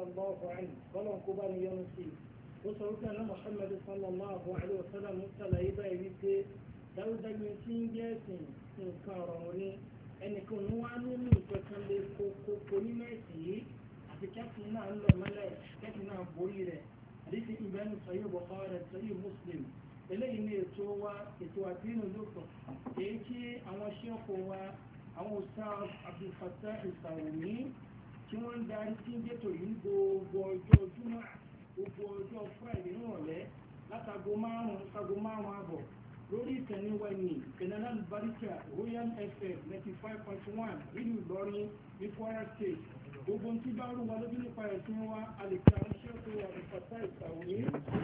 الله عنه ولو كبار يوم الدين وصوتنا أن محمد صلى الله عليه وسلم مثل إذا يبيت dáúdá yẹn tí ń jẹ́ ẹ̀sìn nǹkan ọ̀rọ̀ wọn ni ẹnìkan ní wá nínú ìpẹ̀kan lè kókó kó nínú ẹ̀sìn yìí àti kẹ́sìn náà ń lọ mọ́lẹ̀ kẹ́sìn náà borí rẹ̀ àdéhùn ìbẹ́nu sọ́yìn bọ̀kọ́ rẹ̀ sọ́yìn muslim eléyìí ni ètò wa ètò àdínú lókọ̀ èyí tí àwọn ṣẹ́kọ̀ọ́ wa àwọn òṣà Abdulfatah ìsàwùmí tí wọ́n ń darí sí gẹ́tò yìí gbogbo ọjọ́ júmọ́ gbogbo ọjọ́ friday nírọ̀lẹ́ látago márùn-ún sago márùn-ún àbọ̀ lórí ìtẹ̀ní wẹ̀nì kẹ̀nẹ́lá lùbáríkà royal fm ninety five point one rídìí ìlọrin ní kwara state gbogbo tí bá rú wa lójú nípa ẹ̀sìn wa a lè tó wà ní pàtà ìtàwé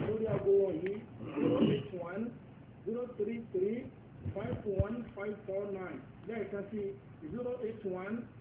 lórí aago wọ̀nyí zero eight one zero three three five one five four nine lẹ́ẹ̀kan sí zero eight one.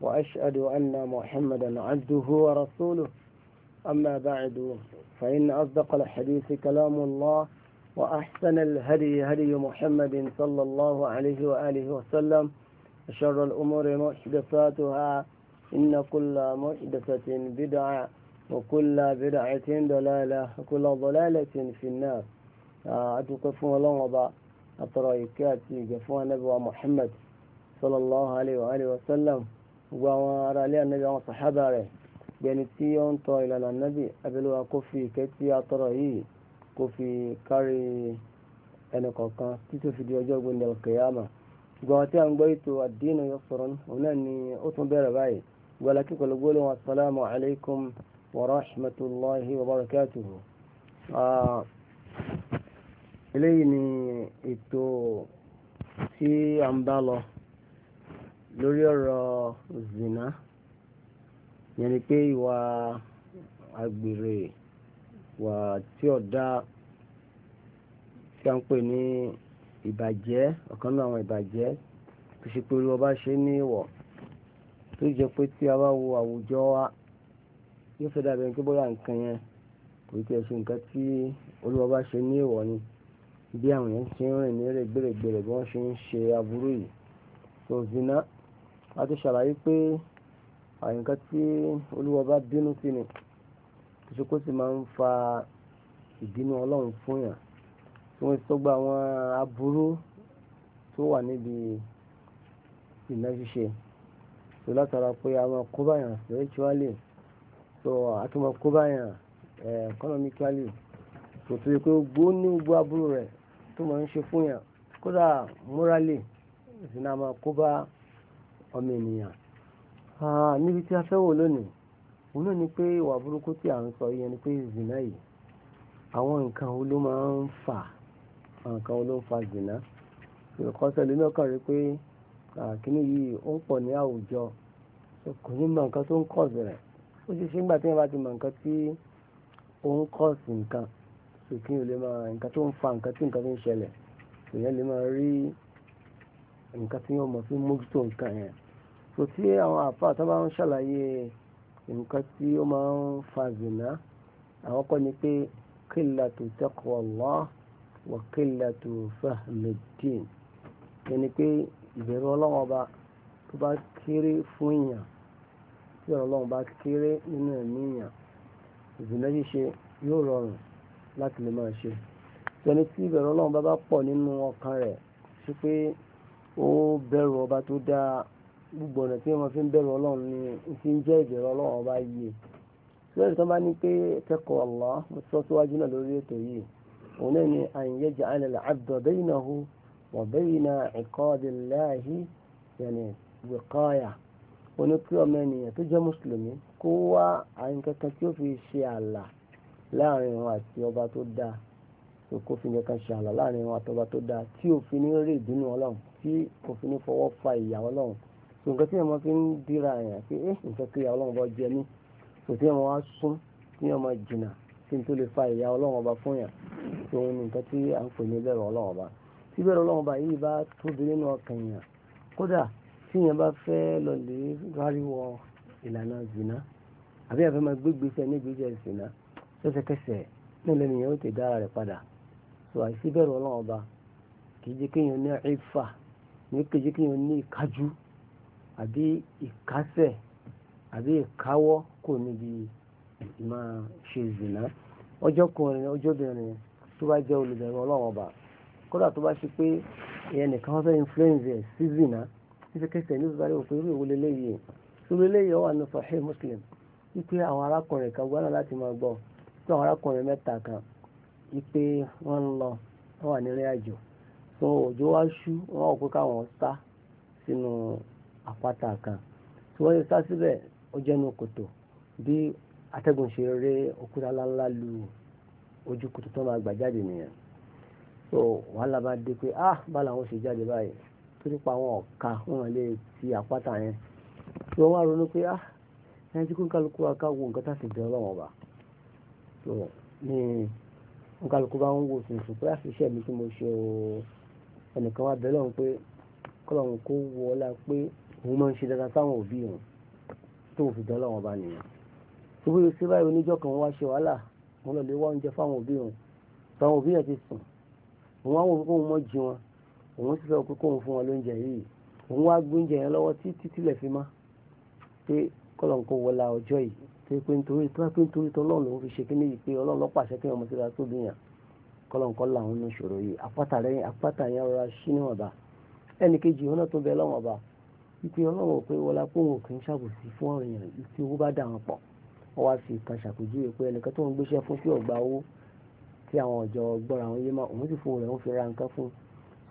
وأشهد أن محمدا عبده ورسوله أما بعد فإن أصدق الحديث كلام الله وأحسن الهدي هدي محمد صلى الله عليه وآله وسلم شر الأمور محدثاتها إن كل محدثة بدعة وكل بدعة ضلالة وكل ضلالة في النار أتوقفون لغضا أترى يكاتي قفوان محمد صلى الله عليه وآله وسلم gbogbo àwọn ará ilé ànábì àwọn sàhábà rẹ̀ gbẹni tí ó ń tọ ìlànà ànábì abẹ́lẹ́wà kó fi ìkẹ́ tí a tọrọ yìí kó fi kárí ẹnì kọ̀ọ̀kan títí ó fi di ọjọ́ ògbóni alkiyama gbọ́n tí a ń gbọ́ ètò àdínà yóò sọ̀rọ̀ òun náà ni ó tún bẹ̀rẹ̀ báyìí gbọ́lá kí pẹ̀lú gbólóhùn asalaamu alaykum wa rahmatulahi wa barakatuhu. eléyìí ni ètò tí a ń bá lọ lórí ọ̀rọ̀ zina yẹn ni pé ìwà agbèrè ìwà tí ọ̀dá tí a ń pè ní ìbàjẹ́ ọ̀kan náà àwọn ìbàjẹ́ tó ṣe pé olúwa ṣe ní ìwọ̀ tó jẹ́ pé tí a bá wo àwùjọ wa yóò fẹ́ dàbí ẹni tó bóyá nǹkan yẹn kò tí ẹ ṣe nǹkan tí olúwa bá ṣe ní ìwọ̀ ni bí àwọn yẹn ṣe ń rìn ní rẹ̀gbẹ̀rẹ̀gbẹ̀rẹ̀ bí wọ́n ṣe ń ṣe aburú yìí zina a ti ṣàlàyé pé àyíká tí olúwa bá bínú sí ni ìṣokó sì máa ń fa ìbínú ọlọ́run fún yàn tí wọ́n tó gba àwọn aburú tó wà níbi ìná ṣíṣe tó látara pé àwọn kóbáyàn spiritually so àtúmọ̀ kóbáyàn eh, economically tó tó yẹ pé gbó ní gbó aburú rẹ̀ tó máa ń ṣe fún yàn kódà morally ìsìn náà máa ọmọ ènìyàn níbi tí a fẹ́ wò lónìí òun náà ni pé ìwà burúkú tí à ń sọ yẹn ni pé zina yìí àwọn nǹkan wo ló máa ń fà àwọn nǹkan wo ló ń fa zina ìrọ̀kọ́sẹ̀ lónìí ọkàn rí pé kíní yìí ó ń pọ̀ ní àwùjọ kò ní mọ nǹkan tó ń kọ̀ sí rẹ̀ ó ṣe ṣé ńgbà tí wọ́n bá ti mọ nǹkan tí ó ń kọ̀ sí nǹkan kí n lè máa nǹkan tó ń fa nǹkan tí nǹkan tó ń ṣẹlẹ̀ èèyàn lè máa rí nǹkan tí wọ́n mọ̀ sí mójútó nǹkan yẹn so tí àwọn àfáà tó bá ń ṣàlàyé nǹkan tí ó máa ń fa zina àwọn kọ́ ni pé qillatu taqwallah wa qillatu fahmid-din ẹni pé ìbẹ̀rù ọlọ́wọ́n ọba tó bá kéré fún èèyàn tí ìbẹ̀rù ọlọ́wọ́n bá kéré nínú ẹ̀mí èèyàn zina ṣíṣe yóò rọrùn láti lè máa ṣe ẹni tí ìbẹ̀rù ọlọ́wọ́n bá bá pọ̀ nínú ọkàn rẹ̀ ṣe pé ó bẹ̀rù ọba tó dáa gbogbo ọ̀nà tí wọ́n fi ń bẹ̀rù ọlọ́run ni n fi ń jẹ́ ìbẹ̀rù ọlọ́run ọba yìí lórí tó bá ní pé tẹ́kọ̀ Allah mo sọ síwájú náà lórí ètò yìí òun náà ni an yaj'ala al wa bayna 'iqabillahi yani wiqaya oní kí ọmọ ènìyàn tó jẹ́ mùsùlùmí kó wá àyìn tí ó fi ṣe ààlà láàrin wọn àti ọba tó dáa kó fi ṣe láàrin wọn àti ọba tó dáa tí òfin ní tí kò fi ní fọwọ́ fa ìyà ọlọ́run so nǹkan tí èèyàn fi ń dira àyàn pé ẹ eh, nǹkan kí ìyà ọlọ́run bá jẹ mí so tí èèyàn wá sún tí èèyàn máa jìnà tí n tó lè fa ìyà ọlọ́run ọba fún yàn so nǹkan tí à ń pè ní bẹ̀rù ọlọ́run ọba tí bẹ̀rù ọlọ́run ọba yìí bá tóbi nínú ọkàn yàn kódà tí èèyàn bá fẹ́ lọ lè ráríwọ ìlànà zina àbí àfẹ́ máa gbégbèsè nígbèsè zina lẹ́sẹ̀kẹsẹ̀ náà lẹ́nu yẹn ó ti dára rẹ̀ padà so àìsí bẹ̀rù ọlọ́run ọba kì í jẹ́ kéèyàn ní ẹ̀fà ní kejì kí wọ́n ní ìkájú àbí ìkásẹ̀ àbí ìkáwọ́ kò níbi máa ṣe zìnà ọjọ́ kùnrin ọjọ́ tó bá jẹ́ olùbẹ̀rù ọlọ́run ọba kódà tó bá ṣe pé ìyẹn nìkan wọ́n fẹ́ influence ẹ̀ sí zìnà nífẹ̀kẹsẹ̀ ní ìbúgbárí òpin irú ìwọlé léyìí irú léyìí ọwà ní Sahih Muslim wípé àwọn arákùnrin kan láti máa pé àwọn arákùnrin kan wípé tó òjò wá ṣú wọ́n wọ́n pé káwọn sá sínú àpáta kan tí wọ́n yẹ sá síbẹ̀ ó jẹ́nu kòtò bí atẹ́gùn ṣe ré òkúta ńláńlá lu ojú kòtò tó máa gbà jáde nìyẹn so wàhálà bá dé pé ah bá làwọn ṣe jáde báyìí tó nípa àwọn ọ̀ka wọn lè ti àpáta yẹn tí wọ́n wá ronú pé ah ẹni tí kò kálukú wa ká wo nǹkan tá a sì bẹ ọlọ́wọ́n ọba so ní nǹkan kálukú bá ń wo sùn sùn pé àṣìṣe mi tí mo ṣe o ẹnìkan wá bẹ́ẹ̀ lọ́hùn pé kọ́lọ́hùn kó wọlá pé òun máa ń ṣe dáadáa sáwọn òbí òun tó fi dán lọ́wọ́n bá nìyẹn ṣùgbọ́n yóò ṣe báyìí oníjọ́ kan wá ṣe wàhálà wọn lọ lè wá oúnjẹ fáwọn òbí òun táwọn òbí yẹn ti sùn òun wá wò pé kóun mọ́ jí wọn òun sì fẹ́ pé kóun fún wọn lóúnjẹ yìí òun wá gbóúnjẹ yẹn lọ́wọ́ títí tílẹ̀ fi má pé kọ́lọ́hùn kó wọlá ọjọ́ yìí pé nítorí tó pé nítorí tó ọlọ́run lòún fi ṣe kí ní yìí pé ọlọ́run lọ́pàṣẹ kí ọmọ síra tóbi yàn kọ́lọ̀nkọ́ làwọn ní ìṣòro yìí apáta rẹ̀ apáta yẹn rọra ṣí níwọ̀n bá ẹnì kejì ọ̀nà tó bẹ lọ́wọ́n bá wípé ọlọ́wọ́n pé wọlá póhùn kì í ṣàbòsí fún ọ̀rọ̀ yẹn tí owó bá dà wọn pọ̀ wọ́n wá fi kan ṣàpèjúwe pé ẹnìkan tó ń gbéṣẹ́ fún sí ọ̀gbà owó tí àwọn ọ̀jọ̀ gbọ́ra àwọn yé máa òun sì fún rẹ̀ fi ra nǹkan fún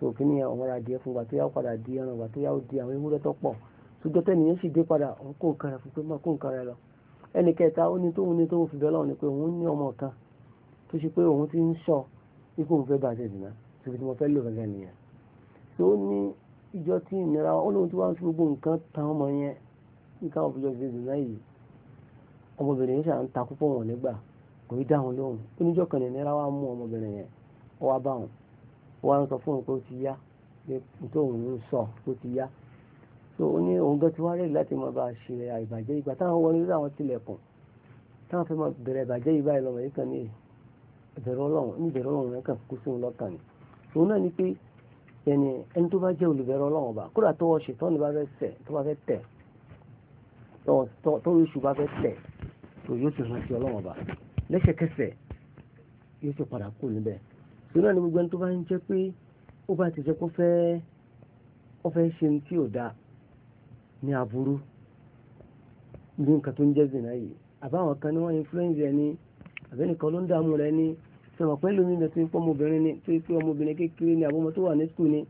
so kí ni àwọn ra díẹ̀ fún gbà tó yá padà di ẹran gbà tó yá di àwọn ewúrẹ́ tó pọ̀ ṣùgbọ́n tẹ́nìyẹn sì dé padà òun kó nǹkan rẹ̀ fún pé má kó nǹkan rẹ̀ lọ ẹnì kẹta ó ní tóun ní tóun fi bẹ́ẹ̀ lọ́wọ́ ni pé òun ní ọmọ kan tó ṣe pé òun ti ń ṣọ́ ikú òun fẹ́ bá ṣe jìnnà ṣùgbọ́n tí mo fẹ́ lò gẹ́gẹ́ nìyẹn tó ní ìjọ tí ìnira ó lóun tí wọ́n fi gbogbo nǹkan tan ọmọ yẹn nǹkan òfìjọ ṣe jìnnà yìí ọmọbìnrin yẹn ṣàn ta púpọ̀ wọn nígbà kò í dáhùn lóhùn oníjọ́ kan ìnira wa mú ọmọbìnrin yẹn ó wá bá wọn ó wá ń sọ fún òun pé ó ti yá pé tóun ń sọ ó ti yá so ó ní òun gan ti wá rèé láti máa bá a ṣe àìbàjẹ́ ìgbà táwọn wọlé lórí tilẹ̀kùn táwọn fẹ́ máa bẹ̀rẹ̀ ìbàjẹ́ yìí báyìí yìí kan ní ìbẹ̀rù ọlọ́run níbẹ̀rù ọlọ́run rẹ̀ kàn kú sí wọn lọ́kàn ni òun náà ni pé ẹni ẹni tó bá jẹ́ olùbẹ̀rù ọlọ́run ọba kódà tọwọ́ ṣe tọ́ni bá fẹ́ tẹ̀ tó bá fẹ́ tẹ̀ tọ́wọ́ iṣu bá fẹ́ tẹ̀ tó yóò sì rántí ọlọ́run ọba lẹ́sẹ̀kẹsẹ̀ yóò sì padà kú níbẹ̀ òun náà ni gbogbo ẹni tó bá ń jẹ́ pé ó bá ti jẹ́ kó fẹ́ ó fẹ́ ṣe ní tí ò dáa ní aburú ní nǹkan tó ń jẹ́ zìnà yìí àbáwọn kan ni wọ́n influence ẹni àbí nìkan ló ń dààmú rẹ ní sọ̀rọ̀ pẹ́lú mi lọ́tí pé ọmọbìnrin ni tó pé ọmọbìnrin kékeré ni àbọ̀mọ tó wà ní skul ni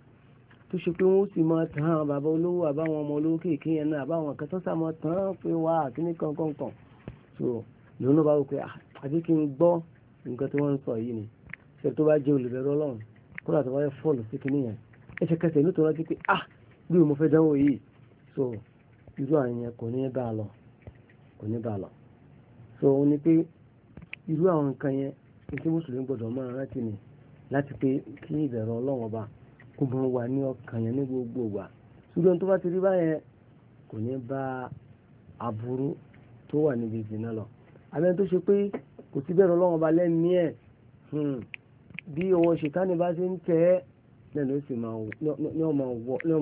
tó ṣe pé wọ́n sì máa tàn án bàbá olówó àbáwọn ọmọ olówó kéèké yẹn náà àbáwọn kan tó máa tàn án pé wá kíní kankankan so lòun náà bá wò pé àbí ah, kí n gbọ́ nǹkan tí wọ́n ń sọ yìí ni ṣe tó bá jẹ́ olùbẹ̀rẹ̀ ọlọ́run kódà tó bá fọ́ọ̀lù sí kíní yẹn ẹsẹ̀kẹsẹ̀ ló tó pé ah bí mo fẹ́ dánwò yìí so irú àyẹn kò ní bá a lọ kò ní bá a lọ so ó ní pé irú àwọn nǹkan yẹn ètò mùsùlùmí gbọdọ̀ máa rántí ni láti pé kí ìbẹ̀rù ọlọ́run ọba kó mọ wà ní ọkàn yẹn ní gbogbo wa ṣùgbọ́n tó bá ti rí báyẹn kò ní bá aburú tó wà níbi ìdìnnà lọ àbẹ́ni tó ṣe pé kò sí bẹ̀rù ọlọ́run ọba lẹ́mìí ẹ̀ hmm, bí ọwọ́ ṣètánì bá ti ń tẹ̀ ẹ́ náà ló sì máa wọ lọ ló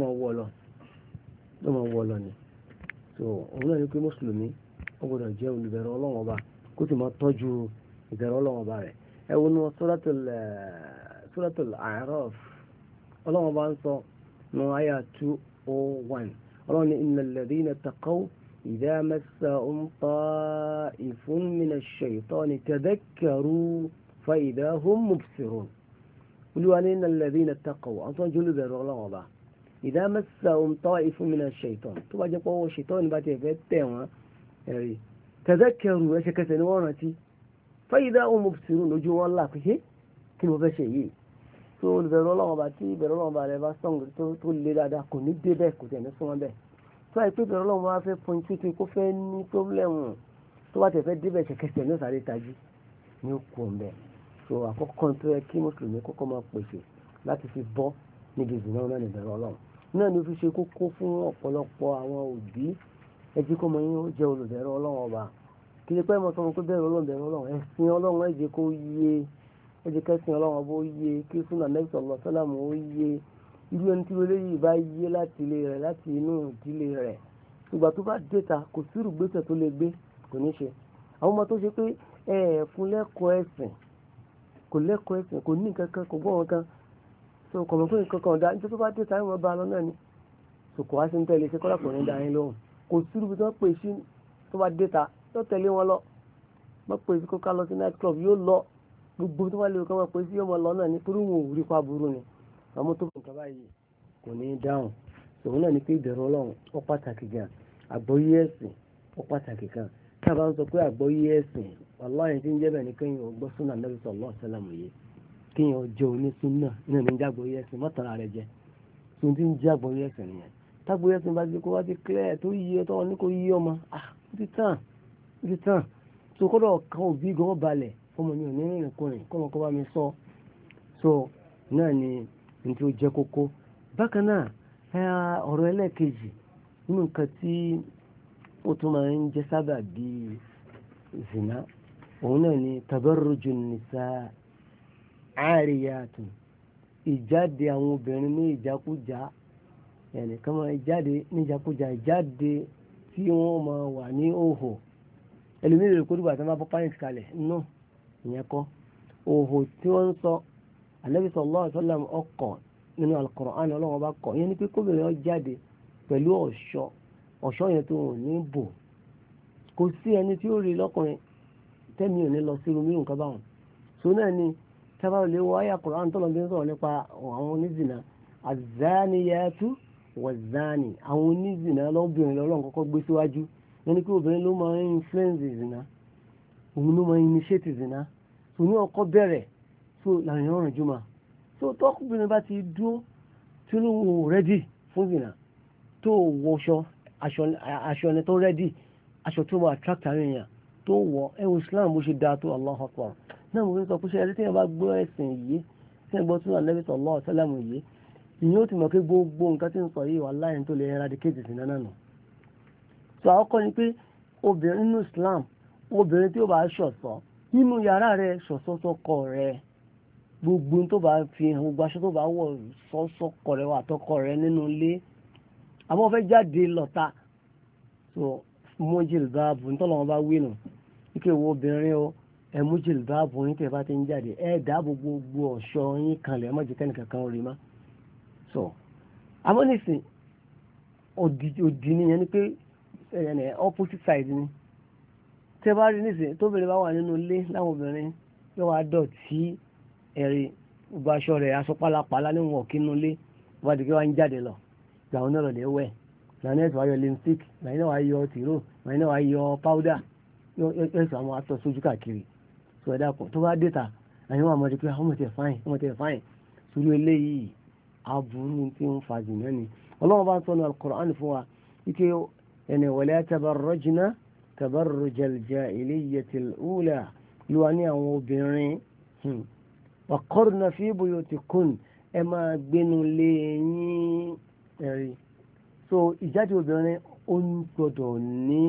máa wọ lọ ni so òun náà ni pé mùsùlùmí ó gbọdọ̀ jẹ́ olùbẹ̀rù ọlọ́run ọba kó sì máa tọ́jú ìbẹ̀rẹ̀ ọlọ́wọ́n ọba rẹ̀ ẹ wo nu eh, suratul A'raf ọlọ́wọ́n bá ń sọ nu àyà two oh one ọlọ́wọ́n ní innal ladhina taqaw idha massahum ta'ifun minash shaytani tadhakkaru fa idha hum mubsirun olúwa ní innal ladhina taqaw àwọn tó ń jóló bẹ̀rẹ̀ ọlọ́wọ́n ọba ìdá mẹ́sàn-án ta'ifun minash shaytani tó bá jẹ́ pọ́wọ́ ṣètọ́ tẹ̀sẹ̀kẹ̀rù ẹsẹ̀kẹsẹ̀ ni wọ́n rántí fẹ́yìdá ohun mo sì rún lójú wọn là pé kí ni mo fẹ́ ṣe yìí tó olùbẹ̀rù ọlọ́run ọba tí ìbẹ̀rù ọlọ́run ọba rẹ̀ bá sọ̀ǹgì tó le dáadáa kò ní dé bẹ́ẹ̀ kò tẹ̀ ní súnmọ́ bẹ́ẹ̀ tó àyè pé ìbẹ̀rù ọlọ́run wá fẹ́ pọn títí kó fẹ́ ní pọ́blẹ́mù tó bá tẹ̀ fẹ́ dé bẹ́ẹ̀ ṣẹ̀kẹsẹ̀ ní ọ̀sàrè tají ní ó kù ọ̀mẹ́ àkọ́kọ́ tó yẹ kí mùsùlùmí kọ́kọ́ máa pèsè láti fi bọ́ níbi ìzìnà náà níbẹ̀rù ọlọ́run náà kì í pẹ́ mọ́ sọ fún pé bẹ́ẹ̀ ọlọ́run bẹ̀rẹ̀ ọlọ́run ẹ̀sìn ọlọ́run ẹ̀jẹ̀ kó yé ẹ̀jẹ̀ kẹsìn ọlọ́run ọbọ̀ yé kí súnà nẹ́bí sọ̀rọ̀ sọ́làmù ó yé irú ẹni tí wọlé yìí bá yé láti ilé rẹ̀ láti inú ìdílé rẹ̀ ìgbà tó bá déta kò sírù gbèsè tó lè gbé kò ní ṣe àwọn ọmọ tó ṣe pé ẹ fún lẹ́kọ̀ọ́ ẹ̀sìn kò lẹ́kọ̀ọ́ ẹ̀sìn kò ní kankan kò gbọ́ so kò mọ̀ pé nǹkan kan dá nítorí tó bá déta ìwọ̀n ni so kò wá sí ní tẹ́lẹ̀ ṣe kọ́lá kò ní dá yín lóhùn yóò tẹ̀lé wọn lọ mọ́ pé kó ká lọ sí night club yóò lọ gbogbo tó wà lè kọ́ mọ́ pé sí ọmọ lọ náà nítorí wọn ò rí pa burú ni àmọ́ tó yìí kò ní í dáhùn òun náà pé ìbẹ̀rù ọlọ́run ó a bá ń sọ pé ẹ̀sìn tí ń jẹ́ ni kéèyàn gbọ́ súnà yìí kéèyàn jẹ́ náà ní ẹ̀sìn tó ti ń ẹ̀sìn nìyẹn ẹ̀sìn bá ti kó wá ti ibi tán so kọ́dọ̀ kan òbí gan balẹ̀ ọmọ mi ò ní rìn kọ́ bá mi sọ so náà ni n tí ó jẹ́ kókó bákan náà ọ̀rọ̀ ẹlẹ́ẹ̀kejì nínú nǹkan tí ó tún máa ń sábà bíi zina òun náà ni tabarruju nisa àríyàtùn ìjáde àwọn obìnrin ní ìjákújá ẹnìkan máa jáde ní ìjákújá ìjáde tí wọ́n máa wà ní òhò. ẹlòmíràn rẹ̀ kórìgbà tí wọ́n bá bọ́ pàyẹ̀t kalẹ̀ nù ìyẹn kọ́ òhò tí wọ́n ń sọ Ànábì sallallahu alaihi wasallam ọkọ̀ nínú Al-Qur'an ọlọ́wọ́n bá kọ̀ ìyẹn ni pé kóbìnrin ọ jáde pẹ̀lú ọ̀ṣọ́ ọ̀ṣọ́ yẹn tó wọn ní bò kò sí ẹni tí ó rí lọ́kùnrin tẹ́mi ò ní lọ sí irun nǹkan báwọn so náà ni tábà lè wọ ayé Al-Qur'an tó ń sọ̀rọ̀ nípa àwọn onízìnà az-zaniyatu àwọn onízìnà lọ́bìnrin lọ́lọ́run kọ́kọ́ gbé síwájú yẹn ni pé obìnrin ló máa ń influence ìzìnà òun ló máa ń initiate ìzìnà tó ní ọkọ bẹ̀rẹ̀ tó làyàn ọ̀rùn jùmọ̀ tó tọkùnrin bá ti dúró tí ó lóun ò rẹ́dì fún ìzìnà tó wọṣọ aṣọ ẹni tó rẹ́dì aṣọ tó máa attract àwọn èèyàn tó wọ ẹwọ Islam bó ṣe dáa tó Allahu Akbar náà mo fi sọ pé ṣe ẹni tí yẹn bá gbọ́ ẹ̀sìn yìí tí yẹn gbọ́ tún Ànábì sallallahu alaihi wasallam yìí ìyẹn ó ti mọ̀ pé gbogbo nǹkan tí ń sọ yìí wà láyé tó lè eradicate ìsìn náà nù tó àkọ́kọ́ ni pé obìnrin nínú Islam obìnrin tí ó bá ṣọ̀ṣọ́ nínú yàrá rẹ ṣọ̀ṣọ́ sọ́kọ rẹ gbogbo tó bá fi hàn gbogbo aṣọ tó bá wọ̀ sọ́sọ́kọ rẹ wà tọkọ rẹ nínú ilé àbọ̀ fẹ́ jáde lọ́ta tó mọ́jìl báàbù nítorí wọn bá wí nù ike wo obìnrin o ẹ mọ́jìl báàbù yín tẹ̀ bá ti ń jáde ẹ dáàbò gbogbo ọ̀ṣọ́ yín kanlẹ̀ ẹ má jẹ́ kẹ́nìkan kan rí má so àmọ́ nísìnyí òdì nìyẹn ni pé opposite side ni tẹ́ bá rí nísìnyí tóbìnrin bá wà nínú ilé láwọn obìnrin yóò wá dọ̀tí ẹ̀rí gbogbo aṣọ rẹ̀ aṣọ pálapàla ní wọn kínú ilé wọ́n ti kí wọ́n ń jáde lọ gbàwọn náà lọ́dẹ̀ wẹ̀ làwọn ẹ̀sùn ayọ̀ lipstick làwọn náà wàá yọ tìró làwọn náà wàá yọ powder ẹ̀sùn àwọn aṣọ sójú káàkiri sọ ẹ̀dá kan tó bá dé ta àyìn wọn àmọ́dé pé ah, ọmọ tẹ̀ fáìn ọmọ tẹ̀ fáìn sórí eléyìí aburú tí ń fa jìnnà ni ọlọ́run bá ń sọ ní Al-Qur'an fún wa ike ẹni wala tabarrajna tabarruj al-jahiliyyati al-ula ló wà ní àwọn obìnrin fi buyutikun ẹ máa gbénu lé yín so ìjáde obìnrin ó ń gbọdọ̀ ní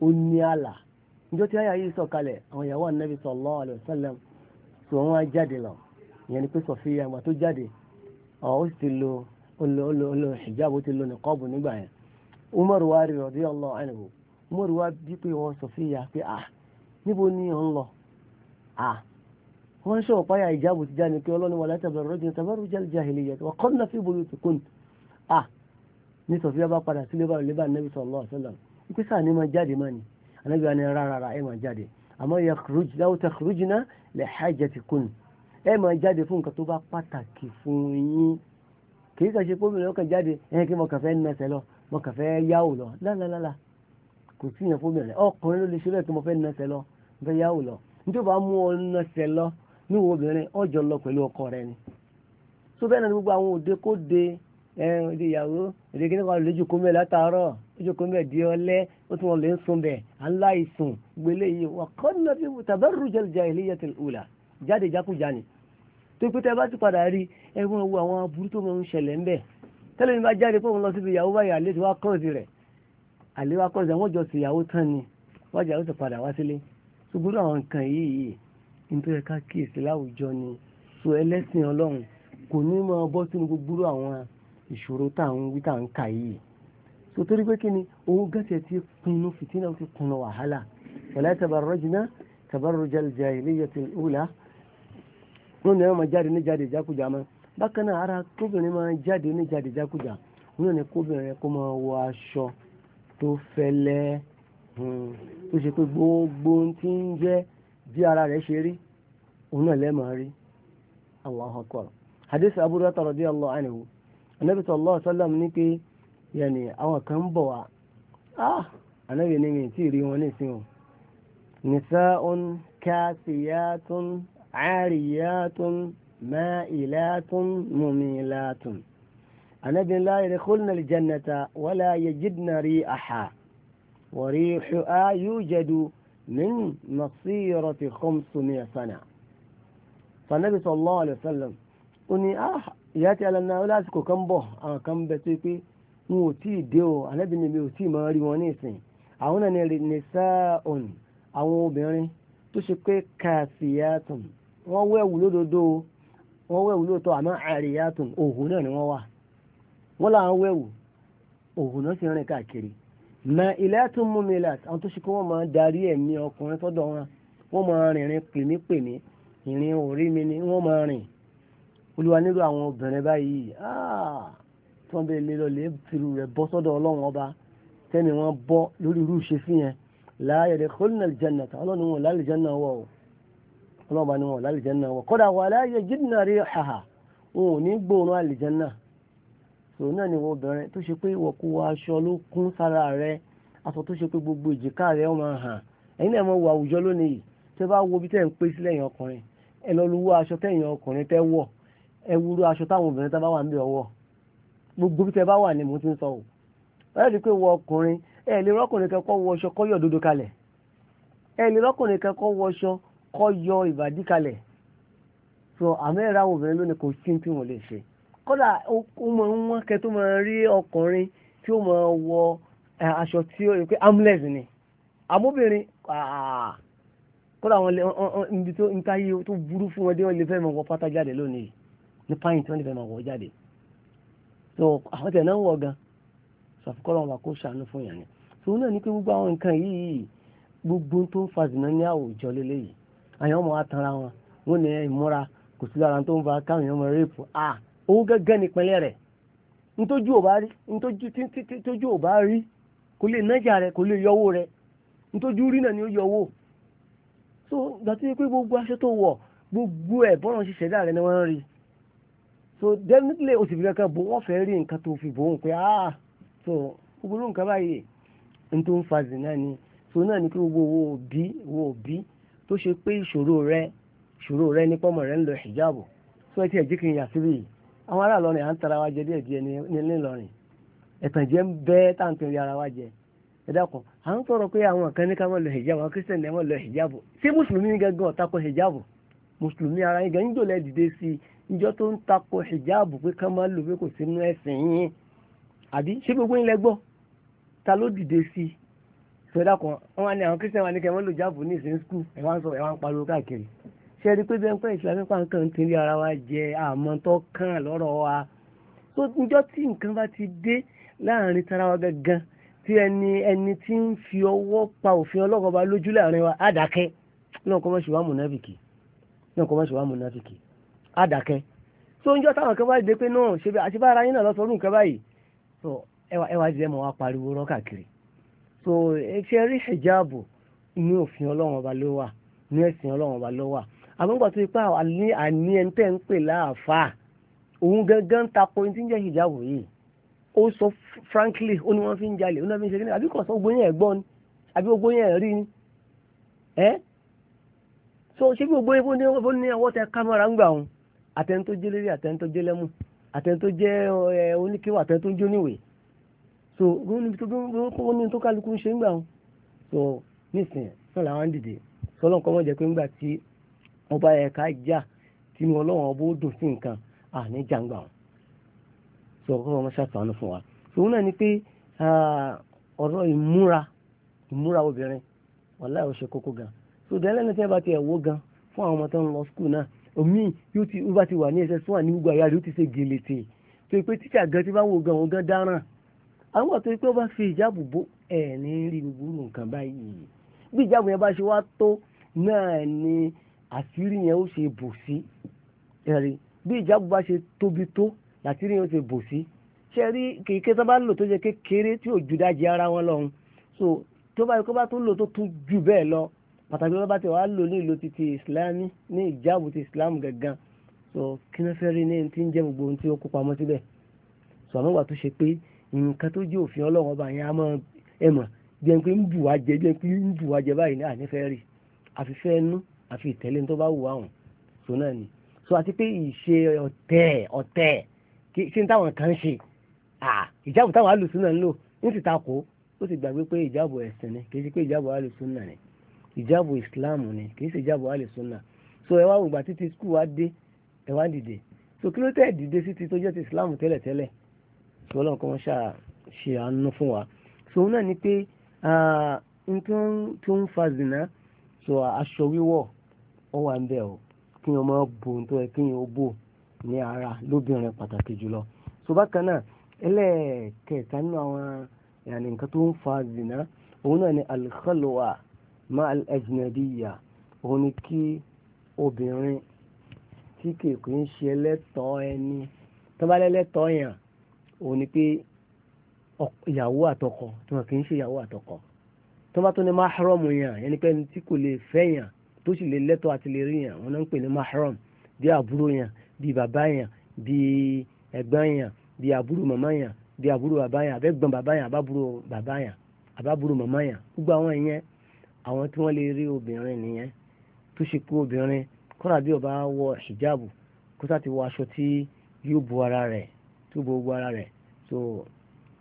ó ní àlà níjọ́ tí àyà yìí sọ̀kalẹ̀ àwọn ìyàwó ànábì sallallahu alaihi wasallam tí wọ́n wá jáde lọ ìyẹn ni pé Sọfíyà àgbà tó jáde ó sì ti lo olùhìjáàbò ti lo nìkọ́ọ̀bù nígbà yẹn umar wa rí radiyallahu anhu umar wa bí pé wọn sọ fún ìyá pé ah níbo ni ò ń lọ ah wọn ṣe ọ̀páyà ìjáàbù ti já ni pé ọlọ́ni wala tabarrajna tabarrujal jahiliyyah wa qurna fi buyutikunna ah ní sọfíà bá padà sílé bá lébà nàbì sallallahu alaihi wasallam ìpè sáà ní máa jáde máa ní anábì wa ní rárára ẹ máa jáde àmọ́ yakhruj law takhrujna li hajatikum ẹ máa jáde fún nǹkan tó bá pàtàkì fún yín kì í kà ṣe pé jáde ẹ kí mo kàn fẹ́ nà lọ mo kàn fẹ́ yáwò lọ lálálálá kò sí ìyẹn fóbìnrin ọkùnrin ló lè ṣe bẹ́ẹ̀ pé mo fẹ́ nọsẹ̀ lọ mo fẹ́ yáwò lọ nítorí bá mú ọ nọsẹ̀ lọ níwò obìnrin ọjọ́ lọ pẹ̀lú ọkọ rẹ ni tó bẹ́ẹ̀ náà ni gbogbo àwọn òde kó de ẹ̀ẹ́n ìyàwó èdè kí ní kan lójú kó mẹ́ látàárọ̀ lójú kó mẹ́ di ọlẹ́ ó tún wọn lè ń sun bẹ̀ aláìsùn gbélé yìí wà kọ́ ní ọdún tabarruj al-jahiliyyatil ula jáde jákújá ni tó pété bá ti padà rí ẹ̀wọ̀n wo àwọn aburú tó máa ń ṣẹlẹ̀ ń bẹ̀ tẹ́lẹ̀ mi bá jáde pé òun lọ síbi ìyàwó báyìí àlè ti wá kọ́ọ̀sì rẹ̀ àlè wá kọ́ọ̀sì àwọn ọjọ́ sí ìyàwó tán ni wọ́n jẹ́ àwọn ti padà wá sílé ṣùgbọ́n àwọn nǹkan yìí yìí nítorí ká kíyèsí láwùjọ ni so ẹlẹ́sìn ọlọ́run kò ní mọ bọ́ sínú gbogbo àwọn ìṣòro tá à ń wí tá à ń kà yìí so torí pé kí ni òun gẹ́sẹ̀ ti pinnu fìtínà ti kùnà wàhálà wala tabarrajna tabarruj al-jahiliyyati al-ula wọn ni wọn máa jáde ní jáde ìjákujàmọ́ bákan náà ara kóbìnrin máa jáde ní jáde jákújà wọn ní kóbìnrin kó máa wọ aṣọ tó hmm, gbogbo tí ń jẹ́ bí ara rẹ̀ ṣe rí òun náà hadith radiyallahu anhu anabi sallallahu alaihi wasallam ní pé àwọn kan ń bọ̀ ah anabi ní mi tí ì o nisa'un kasiyatun ma'ilatun mumilatun anabi la yadkhulna aljannata wala yajidna ri'aha wa rihuha yujadu min masirati khamsumiya sana fanabi sallallahu alaihi wasallam ó ní ah ìyá tí alẹ́ náà lásìkò kan bọ̀ àwọn kan bẹ tó pé n ò tí ì dé o ànábì ni mi ò tí ì máa rí wọn ní ìsìn àwọn náà ní nìsáàùn àwọn obìnrin tó ṣe pé kàṣíyàtùn wọ́n wẹ̀wù lóòótọ́ àmọ́ àríyàtùn òhun náà ni wọ́n wà wọ́n làwọn wẹ̀wù òhun náà sì rìn káàkiri na ilẹ̀ tún mú mi là àwọn tó ṣe wọ́n máa darí ẹ̀mí ọkùnrin tọ́dọ̀ wọn wọ́n máa rìnrìn pèmípèmí ìrìn orí mi ni wọ́n máa rìn olúwa nílò àwọn obìnrin báyìí ah, tí wọ́n bẹ lè lọ lè fìrù rẹ̀ bọ́ sọ́dọ̀ ọlọ́run ọba tẹ́ni wọ́n bọ́ lórí irú ìṣesí yẹn láàyè ọlọ́ọ̀bá ni wọn lálìjẹ́nà wọ kọ́dà wà láàyè jìnnà rí haha wọn ò ní gbóòórùn àlìjẹ́nà sòrò náà ni wọn obìnrin tó ṣe pé ìwọ̀kuwọ̀ aṣọ ló kún sára rẹ aṣọ tó ṣe pé gbogbo èjìká rẹ wọn hàn ẹ̀yin náà mọ wọ àwùjọ lónìí yìí tẹ́ bá wo bí tẹ́ ń pè sílẹ̀ yẹn ọkùnrin ẹ lọ lu wọ aṣọ tẹ́yìn ọkùnrin tẹ́ wọ̀ ẹ wúru aṣọ táwọn obìnrin tá bá wà níbi ọwọ́ gbogbo bí tẹ́ bá wà ní mo ti ń sọ o ẹ rí pé wọ ọkùnrin ẹ lè rọkùnrin kẹkọ wọṣọ kọyọ dodo kalẹ̀ ẹ lè rọkùnrin kẹkọ wọṣọ kọ́ yọ ìbàdí kalẹ̀ so àmẹ́ra àwọn obìnrin lónìí kò sí tí wọ́n lè ṣe kódà ó máa ń wọ́n kẹ́ tó máa rí ọkùnrin tí ó máa wọ eh, aṣọ tí ó pé amulet ni àmóbìnrin kódà wọn lè níbi tó ń táyé tó burú fún wọn dé wọn lè fẹ́ máa wọ pátá jáde lónìí ní pint wọn lè fẹ́ máa wọ jáde so àwọn tẹ̀ náà ń wọ̀ gan sọ̀fúkọ́lọ́ wọn bá kó ṣàánú fún yàn ni so náà ní pé gbogbo àwọn nǹkan yìí gbogbo tó ń fa zìnà ní àwùjọ lélẹ́yìí àyàn ọmọ atanra wọn wọn ní ìmúra kò sí lára tó ń fa káwọn èèyàn mọ rẹ́pù owó gẹ́gẹ́ nípínlẹ̀ rẹ̀ ntójú ò bá rí ntójú títójú ò bá rí kò lè nájà rẹ̀ kò lè yọwó rẹ̀ ntójú rí náà ni ó yọwó so gbàtí pé gbogbo aṣọ tó wọ̀ gbogbo ẹ̀ bọ́rọ̀ ṣe ṣẹ̀dá rẹ̀ ni wọ́n ń rí so definitely o sì fi kankan bò wọ́n fẹ́ rí nǹkan tó fi bò ń pé ah so gbogbo nǹkan báyìí n ń fa zì ni so náà ni pé gbogbo owó òbí owó òbí tó ṣe pé ìṣòro rẹ ìṣòro rẹ ní pọ́mọ rẹ ń lọ hijab fún ẹtí ẹ̀jí kìí yàtí àwọn ará Ìlọrin à ń tara wa jẹ díẹ̀ díẹ̀ ní Ìlọrin ẹ̀tànjẹ́ ń bẹ́ táǹtì rí ara wa jẹ ẹ dákun à ń sọ̀rọ̀ pé àwọn kan ní ká lọ àwọn kristian ní ẹ lọ hijab ṣé mùsùlùmí gẹ́gẹ́ ọ̀tako hijab mùsùlùmí ara yín gẹ́gẹ́ jòlẹ̀ dìde sí ìjọ tó ń tako hijab pé ká má lò gbogbo yín lẹ gbọ́ ta tó dákun wọn ní àwọn kírísítẹ́nì wa ní kẹ́ wọ́n lò jáàbù ní ìsìn skul ẹ̀ wá ń sọ ẹ̀ wá ń pariwo káàkiri ṣe rí pé bẹ́ẹ̀ pé ìsìlámì pàǹkan ń tẹ̀lé ara wa jẹ àmọ́ tó kàn lọ́rọ̀ wa tó níjọ́ tí nǹkan bá ti dé láàrin tara wa gangan tí ẹni ẹni tí ń fi ọwọ́ pa òfin ọlọ́kọ̀ bá lójú láàrin wa á dákẹ́ náà kọ́ mọ́ ṣe wá mùnáfìkì náà kọ́ mọ́ ṣe náà ṣe bá ara yín náà lọ́sọ̀rọ̀ so ṣe rí hijabu ní òfin ọlọ́run ọba ló wà ní ẹ̀sìn ọlọ́run ọba ló wà àmọ́gbà tó ipá àní ẹni tẹ́ ń pè láàfà òun gangan ń tako ẹni tí ń jẹ́ hijabu yìí ó sọ frankly ó ní wọ́n fi ń jalè ó ní wọ́n fi ń ṣe kíni àbí kò sọ gbóyè ẹ̀ gbọ́ ni àbí gbóyè ẹ̀ rí ni ẹ́ so ṣé bí gbóyè bó ní ọwọ́ tẹ kámẹ́rà ń gbà wọn àtẹni tó jẹ́ lérí àtẹni tó jẹ́ oníkéwà àtẹni jóníwèé so wọ́n ní tó kálukú ń ṣe ń gbà wọn so nísìnyẹn náà làwọn dìde sọlọ́n kọ́ mọ́ jẹ́ pé ńgbà tí wọ́n bá ẹ̀ka já tí mo ọlọ́run ọbọ̀ dùn sí nǹkan àní jàǹgbà wọn so ọkọ ọmọ ṣàtúnwánú fún wa so wọn náà ni pé ọ̀rọ̀ ìmúra ìmúra obìnrin wàhálà ò ṣe kókó gan so dẹ́lẹ́ ní tí wọ́n bá ti ẹ̀wọ́ gan fún àwọn ọmọ tó ń lọ skul náà omi yóò ti wọ́n bá ti wà ní ẹsẹ̀ sún wà ní yóò ti ṣe gèlètè so pé tíṣà gan ti bá wò gan òun gan dáràn àwọn àti pé ó bá fi ìjáàbù bò ẹ̀ ní rí gbogbo nǹkan báyìí bí ìjáàbù yẹn bá ṣe wá tó náà ni àṣírí yẹn ó ṣe bò sí ẹ̀rí bí ìjáàbù bá ṣe tóbi tó làṣírí yẹn ó ṣe bò sí ṣe rí kèké tó bá lò tó jẹ kékeré tí ò ju dájì ara wọn lọ́hùn so tó bá yẹ kó bá tó lò tó tún jù bẹ́ẹ̀ lọ pàtàkì wọn bá ti wàá lò ní ìlò ti ti ìsìlámì ní ìjáàbù ti ìsìlámù gangan so kí ni fẹ́ rí ní ti ń jẹ́ gbogbo ohun tí ó kópa mọ́ síbẹ̀ so àmọ́ wà tó ṣe pé nǹkan tó jẹ́ òfin ọlọ́run ọba yẹn a máa ẹ mọ̀ jẹ́ pé ń bù wá jẹ jẹ́ pé ń bù wá jẹ báyìí náà nífẹ̀ẹ́ rí àfifẹ́ ẹnu àfi ìtẹ̀lé tó bá wù àwọn tó náà ni so àti pé ìṣe ọ̀tẹ̀ ọ̀tẹ̀ kí n táwọn kan ṣe ìjáàbù táwọn alùsùnà ń lò ń sì takò ó sì gbàgbé pé ìjáàbù ẹ̀sìn ni kì í ṣe pé ìjáàbù alùsùnà ni ìjáàbù ìsìláàmù ni kì í ṣe ìjáàbù alùsùnà so ẹ wá wò gbà títí skul wá dé ẹ wá dìde so kí ló tẹ̀ dìde sí ti tó jẹ́ ti ìsìláàmù tẹ́lẹ̀tẹ́lẹ̀ tí ọlọ́run kọ́ wọ́n ṣà ṣe àánú fún wa so náà ni pé nǹkan tó ń fa zina so aṣọ wíwọ̀ ọ wà ń bẹ̀ o kí wọ́n máa bo ohun tó yẹ kí wọ́n bò ní ara lóbìnrin pàtàkì jùlọ so bákan náà ẹlẹ́ẹ̀kẹta nínú àwọn yàní nǹkan tó ń fa zina òun náà ni al ma al-ajnabiyya òun ni kí obìnrin tí kìí kìí ṣe lẹ́tọ̀ọ́ ẹni tó bá lẹ́lẹ́tọ̀ọ́ yàn òun ni pé ìyàwó àtọkọ tí wọn kì í ṣe ìyàwó àtọkọ tó bá tó ní mahram yàn ẹni pé ẹni tí kò lè fẹ́ yàn tó sì lè lẹ́tọ̀ọ́ àti lè rí yàn wọn náà ń pè ní mahram bí àbúrò yàn bí bàbá yàn bí ẹ̀gbọ́n yàn bí àbúrò màmá yàn bí àbúrò bàbá yàn àbẹ́gbọ́n bàbá yàn àbábúrò bàbá yàn àbábúrò màmá yàn gbogbo àwọn ìyẹn àwọn tí wọ́n lè rí obìnrin nìyẹn tó ṣe pé obìnrin kọ́ra bí ó wọ hijabu kó sá ti wọ aṣọ tí yóò bu ara rẹ̀ tó gbogbo ara rẹ̀ so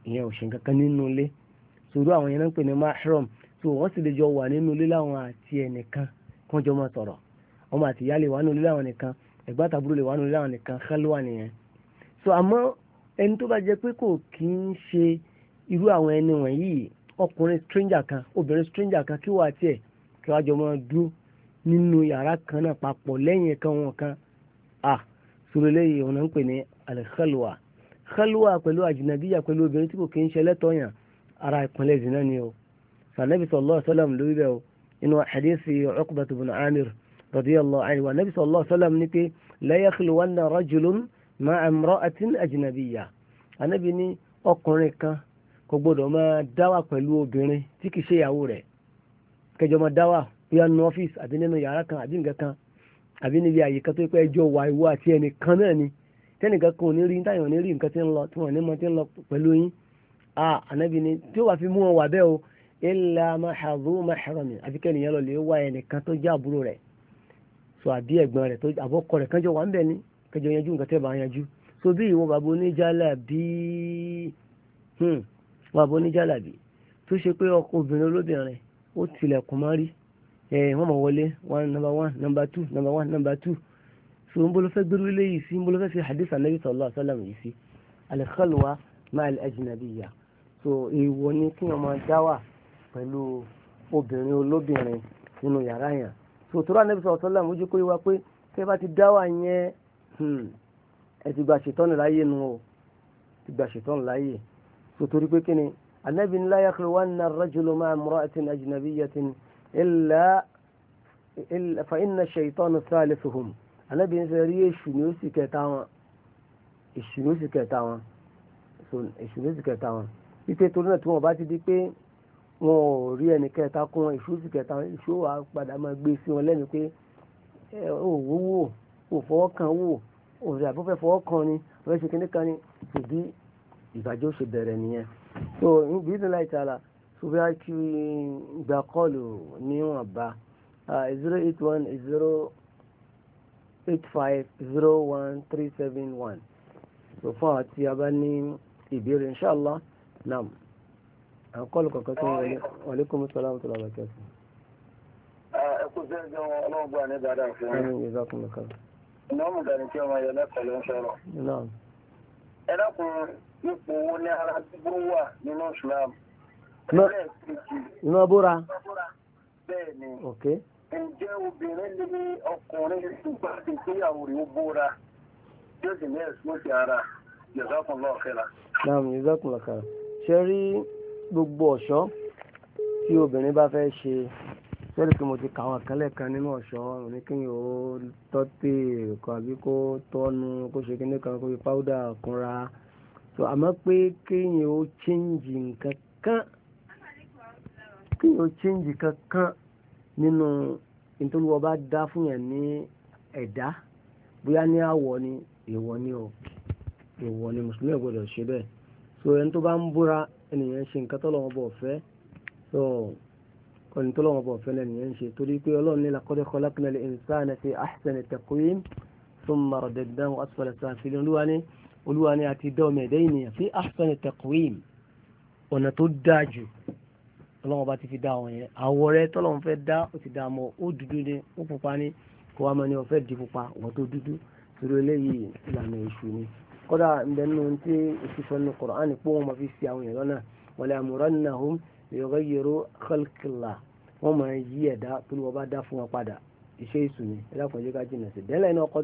ìyẹn ò ṣe nǹkan kan nínú ilé so àwọn yẹn náà ń pè ní mahram so wọ́n sì lè jọ wà nínú ilé láwọn àti ẹnìkan kán jọ máa sọ̀rọ̀ ọmọ àti ìyá lè wà nínú ilé láwọn nìkan ẹ̀gbọ́n àtàbúrò lè wà nínú ilé láwọn nìkan kálíwà nìyẹn so àmọ́ ẹni tó bá jẹ́ pé kò kí ń ṣe irú àwọn ẹni wọ̀nyí ọkùnrin stranger kan obìnrin stranger kan kí wàá tiẹ̀ kí wàá jọ máa dúró nínú yàrá kan náà papọ̀ lẹ́yìn kan wọn kan ah sọ̀rọ̀ lẹ́yìn ọ̀nà ń pè ní al-khalwa kálúwà pẹ̀lú àjìnàbíyà pẹ̀lú obìnrin tí kò kí ń ṣe lẹ́tọ̀ọ̀yàn ara ìpínlẹ̀ zina ni o sànẹ́bí sallallahu alaihi wasallam lórí bẹ́ẹ̀ o inú hadisi Uqbah ibn Amir radiyallahu anhu nabi sallallahu alaihi wasallam ní pé la yakhluwanna rajulun ma'a imra'atin ajnabiyya anábì ní ọkùnrin kan kò gbọdọ̀ máa dáwà pẹ̀lú obìnrin tí kì í ṣe ìyàwó rẹ̀ kẹjọ máa dáwà bóyá nínú ọ́fíìsì àbí nínú yàrá kan àbí nǹkan kan àbí níbi àyíká tó pẹ́ ẹjọ́ wà ìwọ àti ẹnìkan náà ni tẹ́nìkan kan ò ní rí táyọ̀ ní rí nǹkan tí ń lọ tí wọ́n ní mọ tí ń lọ pẹ̀lú yín ànábì ni tí ó wà fi mú wọn wà bẹ́ẹ̀ o ilà mahadu mahrami àfi kẹ́nìyàn lọ lè wá ẹnìkan tó jẹ́ àbúrò rẹ̀ so àbí ẹ̀gbọ́n rẹ̀ tó àbọ̀kọ rẹ̀ kánjọ wà ń bẹ̀ ní kẹjọ yanjú nǹkan tẹ́ bá yanjú so bí ìwọ bàbá oníjàlá bí hmm, bàbá oníjàlá bí tó ṣe pé ọkọ obìnrin olóbìnrin ó tilẹ̀kùn mọ́rí ẹ̀ wọ́n mọ̀ wọlé one number one number two number one number two so ń bolo fẹ́ gbérú léyìí sí ń bolo fẹ́ fi hadith anabi sallallahu alaihi wasallam yìí sí al-khalwa ma'al ajnabiyya so èèwọ̀ ni kí wọ́n máa dáwà pẹ̀lú obìnrin olóbìnrin nínú yàrá yẹn so tó rà anabi sallallahu alaihi wasallam ojú kó wá pé tẹ́ bá ti dáwà yẹn hmm, ẹ ti gba ṣètọ́nù láyé nu o ti gba ṣètọ́nù láyé so torí pé kí ni anabi la yakhluwanna ar-rajulu ma'a imra'atin ajnabiyyatin illa fa inna ash-shaytana anábì ń fẹ́ rí èṣù ní oṣù kẹta wọn èṣù ní oṣù kẹta wọn so èṣù ní oṣù kẹta wọn wípé torí náà tí wọn bá ti di pé wọn ò rí ẹnì kẹta kún wọn èṣù oṣù kẹta wọn èṣù wa padà máa gbé sí wọn lẹ́nu pé ẹ ò wó wò ò fọwọ́ kan wò ò rí àbúfẹ́ fọwọ́ kan ni ọ̀rẹ́ ṣe kíní kan ni kò bí ìbàjẹ́ oṣù bẹ̀rẹ̀ nìyẹn so bí ìdílé ìtara ṣùgbọ́n a kì í gbà kọ́ọ̀lù níwọ̀nba uh, zero eight one zero eight five zero one three seven one so fún àwọn tí a bá ní ìbéèrè inṣàlá nam àkọlù kankan tó wọlé wàlékùn mùsùlùmí àwọn tó lọ bàtẹ fún. ẹ kú sí ẹjọ́ Ọlọ́run bá ní dáadáa fún mi. ẹni ìgbà kan lọkàn. nọọmù dání tí ọmọ yẹn lẹkọọ ló ń sọ̀rọ̀. ẹ dákun ipò wo ni ara dúró wà nínú Islam. iná bóra. bẹ́ẹ̀ ni ǹjẹ́ obìnrin lè ní ọkùnrin nígbà tí ìgbéyàwó rẹ̀ ó bóra tí ó sì ní ẹ̀sùn òsì ara jazakumullahu khairan. naam jazakumullahu khairan ṣe rí gbogbo ọ̀ṣọ́ tí obìnrin bá fẹ́ ṣe sẹ́ẹ̀lì pé mo ti kà wọ́n kálẹ̀ kan nínú ọ̀ṣọ́ ọ̀run ní kéèyàn ó tọ́tẹ̀ kọ́ àbí kó tọ́nu kó ṣe kíní kan kó fi páúdà kunra tó àmọ́ pé kéèyàn ó chíǹjì nǹkan kan kéèyàn ó chíǹjì kankan nínú ìtòlúwọ́ bá dá fún yẹn ní ẹ̀dá bóyá ní àwọ̀ ni èèwọ̀ ni o èèwọ̀ ni mùsùlùmí ò gbọdọ̀ ṣe bẹ́ẹ̀ so ẹni tó bá ń búra ẹnìyẹn ṣe nǹkan tọ́lọ́run bọ̀ fẹ́ so ọ̀nì tọ́lọ́run bọ̀ fẹ́ lẹ́nìyẹn ṣe torí pé ọlọ́run ní laqad khalaqnal insana fi ahsani taqwim thumma radadnahu asfala safilin olúwa ní olúwa ní àti dọ́ọ̀mẹ̀dẹ́ ènìyàn fi ahsani taqwim ọ̀nà tó dáa jù ọlọ́wọ́n bá ti fi dá àwọn yẹn àwọ̀ rẹ tọ́lọ́wọ́n fẹ́ dá ó ti dá mọ́ ó dúdú ni ó pupa ni kó wá mọ́ ni wọ́n fẹ́ di pupa wọ́n tó dúdú torí eléyìí ìlànà èṣù ni kódà ndẹ́nu tí èṣù sọ ní Qur'an pé wọ́n máa fi ṣì àwọn èèyàn lọ́nà wala amurannahum yughayyiru khalqillah wọ́n máa yí ẹ̀dá tó ní wọ́n bá dá fún wọn padà iṣẹ́ èṣù ni ẹ̀dá kan jẹ́ ká jìnà sí dẹ́lẹ̀ iná ọkọ̀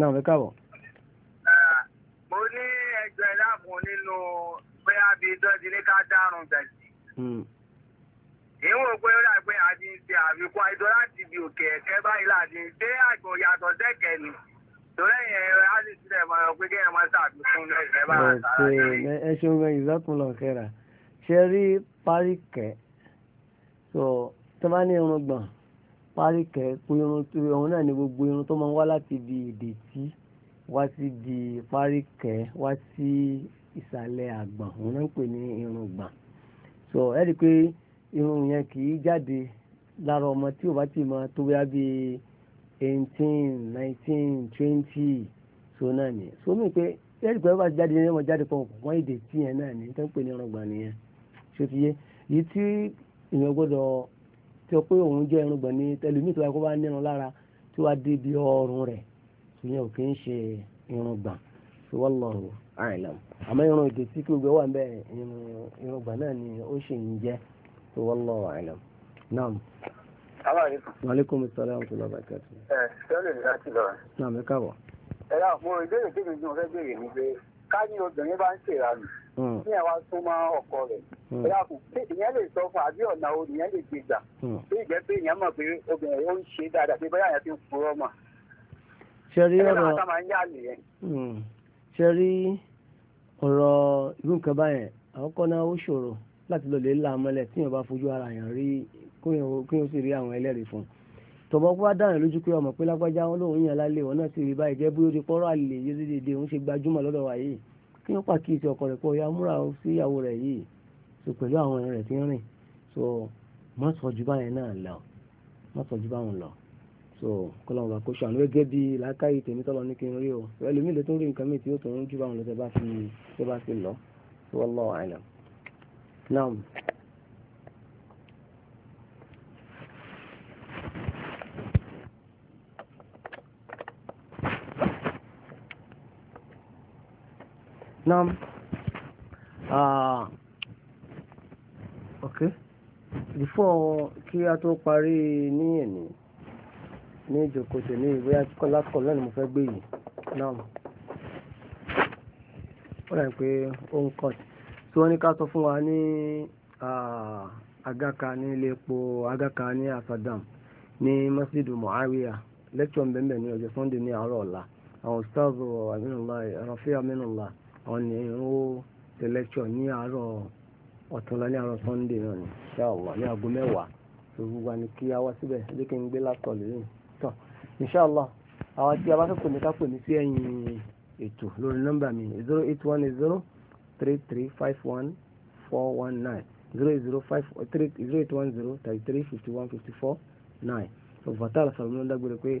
náà fẹ́ káàbọ̀. Eh, mo ní ẹgbẹ́ láàbùn nínú bóyá bí dọ́jú ní ká dárùn gbẹ̀sì. ìwọ̀n hmm. pé ó dà pé àti ń ṣe àfikún àìsàn láti ibi òkè ẹ̀kẹ́ báyìí láti ṣe àgbọ̀n yàtọ̀ sẹ́kẹ̀ ni torí ẹ̀yìn rẹ̀ á sì sílẹ̀ mọ́ ọ pé kéèyàn máa ṣàfikún ẹ̀ṣẹ̀ bá a sára ní. ẹ ṣeun gan ìzọ́kùnlọ̀ kẹ́ra ṣe rí páríkẹ́ pé irun ọ̀hún náà ni gbogbo irun tó máa ń wá láti ibi ìdètí wá sí di páríkẹ́ wá sí ìsàlẹ̀ àgbọ̀n òun náà ń pè ní irun gbọ̀n so ẹ rí i pé irun yẹn kì í jáde lára ọmọ tí ò bá ti máa tó bá bíi eighteen nineteen twenty so náà ni so mí pé ẹ rí i pé ẹ bá jáde ẹ máa jáde pọ̀ wọ́n ìdètí yẹn náà ni tó ń pè ní irun gbọ̀n nìyẹn ṣé ti yé èyí tí èèyàn gbọ́dọ̀ tí ó pé òun jẹ́ irùngbọ̀n ní tẹlifíṣàn tó bá kó bá nírun lára tí wàá dé ibi ọrùn rẹ̀ tó yẹ kì í ṣe irùngbọ̀n tó wallahu a'lam àmọ́ irun èdè tí kí gbogbo wà ń bẹ irùngbọ̀n náà ni ó ṣì ń jẹ́ tó wallahu a'lam naam. Wa alaikum salaam wa rahmatullahi wa barakatuh. Ẹ sọ́lẹ̀ láti lọ. Nàmẹ́ká wọ̀. Ẹ̀rọ àpò ìbéèrè kébìnrin tí mo fẹ́ béèrè ni pé ká ní obìnrin bá ń ṣèrànù Hmm. ní ẹ̀ wá súnmọ́ ọkọ rẹ̀ ẹ̀yà hmm. kù ìyẹn lè sọ fún àbí ọ̀nà o ìyẹn lè gbé gbà hmm. bí ìjẹ́ pé ìyẹn mọ̀ pé obìnrin ó ń ṣe dáadáa pé báyà yẹn fi ń purọ́ mọ̀ ṣẹ́rí ọ̀rọ̀ ṣẹ́rí ọ̀rọ̀ irú nǹkan báyẹn àkọ́kọ́ náà ó ṣòro láti lọ lè la mọ́lẹ̀ tí yóò bá fojú ara yàn rí kí yóò sì rí àwọn ẹlẹ́rìí fún un tọ̀bọ̀ kó wá dáhùn lójú pé ọmọ pé lágbájá wọn lòun yàn lálé wọn náà sì rí báyìí jẹ́ bí ó ti pọ́nrọ́ àlè yóò sì òun ṣe gbajúmọ̀ lọ́dọ̀ wáyé kí wọ́n pàkíyèsí ọkọ rẹ̀ pé ya múra sí ìyàwó rẹ̀ yìí so pẹ̀lú àwọn ẹ̀rọ rẹ̀ tí ń rìn so má sọ ju báyẹn náà lọ má sọ ju báwọn lọ so kọ́lọ́mù bá kó ṣàánú gẹ́gẹ́ bí làákàyè tèmi tọ́lọ́ ní kí n rí o ẹlòmíì lè tún rí nǹkan míì tí ó tún ju báwọn lọ tẹ bá fi lọ so wallahu a'lam. Naam. Naam. Ah. Okay. Before kí a tó parí ní ni ní ìjókòó tó mo fe gbé yìí. Naam. o dà pé ó ń kọ̀ tí ni Agaka ni ile epo Agaka ni Asadam ní Masjidu Muawiya lẹ́kítọ̀ mbẹ́mbẹ́ ni Sunday ni Àwọn Aminullah Rafi Aminullah. àwọn ó ṣe ní àárọ̀ ọ̀túnla ní àárọ̀ sunday náà ni ṣáàwọ̀ ní aago mẹ́wàá tó gbogbo àni kí a wá síbẹ̀ jẹ́ kí n gbé látọ̀ lóyún tọ̀ inshallah àwọn tí a bá fẹ́ pè mí ká sí ẹ̀yìn ètò lórí nọ́mbà mi zero eight one zero three three five one four one nine zero zero five three zero eight one zero thirty three fifty one fifty four nine so fatal sọ̀rọ̀ mi ló dágbére pé.